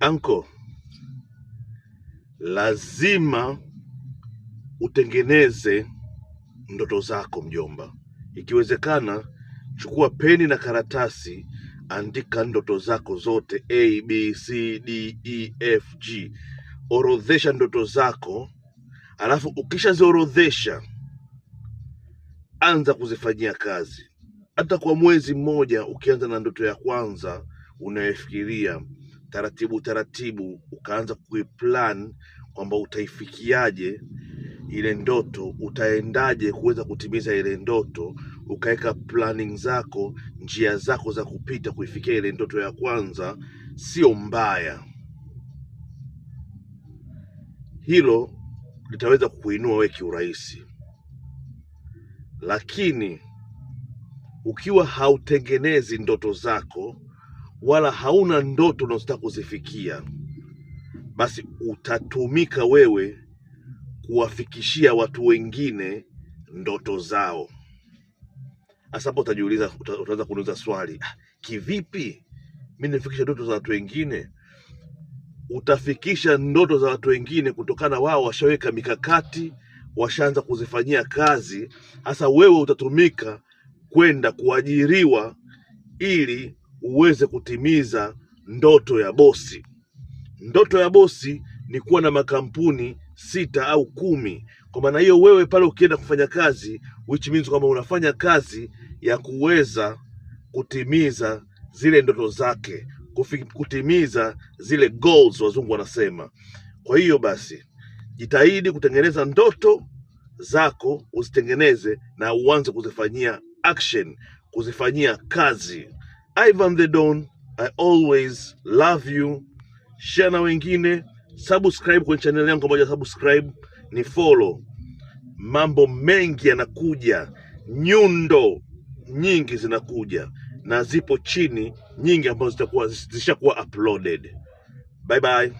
anko, lazima utengeneze ndoto zako mjomba. Ikiwezekana, chukua peni na karatasi, andika ndoto zako zote, a b c d e f g. Orodhesha ndoto zako, alafu ukishaziorodhesha, anza kuzifanyia kazi. Hata kwa mwezi mmoja, ukianza na ndoto ya kwanza unayofikiria taratibu taratibu ukaanza kuiplan kwamba utaifikiaje ile ndoto, utaendaje kuweza kutimiza ile ndoto, ukaweka planning zako, njia zako za kupita kuifikia ile ndoto ya kwanza, sio mbaya. Hilo litaweza kukuinua wewe kiurahisi, lakini ukiwa hautengenezi ndoto zako wala hauna ndoto unazotaka kuzifikia, basi utatumika wewe kuwafikishia watu wengine ndoto zao. Hasa hapo utajiuliza, utaweza kuuliza swali, ah, kivipi mi nifikisha ndoto za watu wengine? Utafikisha ndoto za watu wengine kutokana wao washaweka mikakati, washaanza kuzifanyia kazi. Hasa wewe utatumika kwenda kuajiriwa ili uweze kutimiza ndoto ya bosi. Ndoto ya bosi ni kuwa na makampuni sita au kumi. Kwa maana hiyo, wewe pale ukienda kufanya kazi, which means kwamba unafanya kazi ya kuweza kutimiza zile ndoto zake, kutimiza zile goals wazungu wanasema. Kwa hiyo basi, jitahidi kutengeneza ndoto zako, uzitengeneze na uanze kuzifanyia action, kuzifanyia kazi. Ivan the Don, I always love you. Share na wengine, subscribe kwenye channel yangu moja, subscribe ni follow. Mambo mengi yanakuja, nyundo nyingi zinakuja na zipo chini nyingi ambazo zitakuwa zishakuwa uploaded. Bye bye.